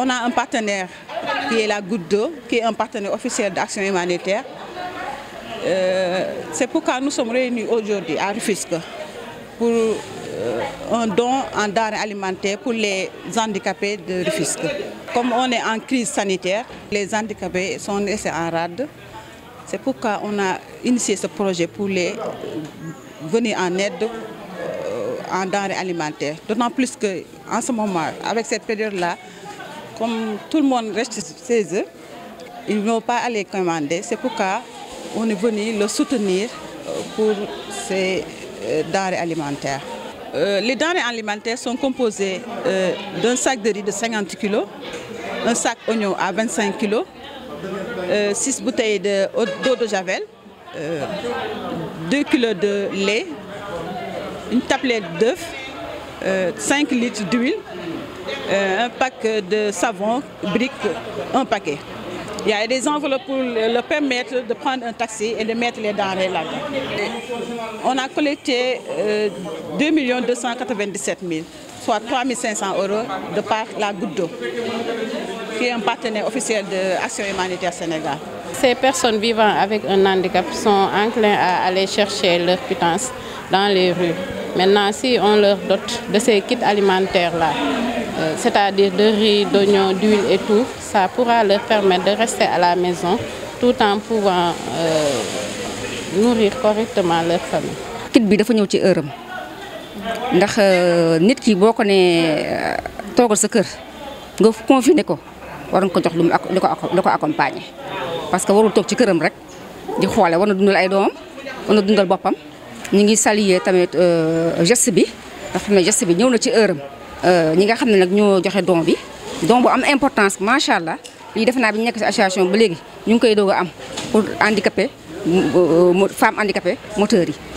On a un partenaire qui est la Goutte d'eau, qui est un partenaire officiel d'action humanitaire. Euh, c'est pourquoi nous sommes réunis aujourd'hui à Rufisque pour euh, un don en denrées alimentaires pour les handicapés de Rufisque. Comme on est en crise sanitaire, les handicapés sont laissés en rade. C'est pourquoi on a initié ce projet pour les euh, venir en aide en denrées alimentaires. D'autant plus qu'en ce moment, avec cette période-là, comme tout le monde reste chez eux, ils n'ont pas aller commander. C'est pourquoi on est venu le soutenir euh, pour ces euh, denrées alimentaires. Euh, les denrées alimentaires sont composées d'un sac de riz de 50 kg, un sac oignon à 25 kg, 6 bouteilles d'eau de, de, javel, 2 kg de lait, une tablette d'œufs, 5 litres d'huile, euh, un pack de savon, briques, un paquet. Il y a des enveloppes pour le permettre de prendre un taxi et de mettre les dans là On a collecté 2 297 000, soit 3 500 euros de par la goutte d'eau, qui est un partenaire officiel de Action humanitaire Sénégal. Ces personnes vivant avec un handicap sont enclins à aller chercher leur puissance dans les rues. Maintenant, si on leur dote de ces kits alimentaires-là, euh, c'est-à-dire de riz, d'oignons, d'huile et tout, ça pourra leur permettre de rester à la maison tout en pouvant euh, nourrir correctement leur famille. kit bi dafa ñëw ci heure am ndax euh, nit ki boko ko nee euh, sa kër nga confiné ko war nga ko jox lu mu lu ko accompagner parce que warul tok ci këram rek di xolé war na ay doomam war na bopam ñi ngi saluer tamit euh geste bi ndax xam geste bi ñëw na ci heure Euh, ñi nga xam ne nag ñoo joxe don bi don bu am importance macha allah lii defe naa bi ñu nekk si association ba léegi ñu ngi koy doog am pour handicapé euh, femme handicapé moteur yi.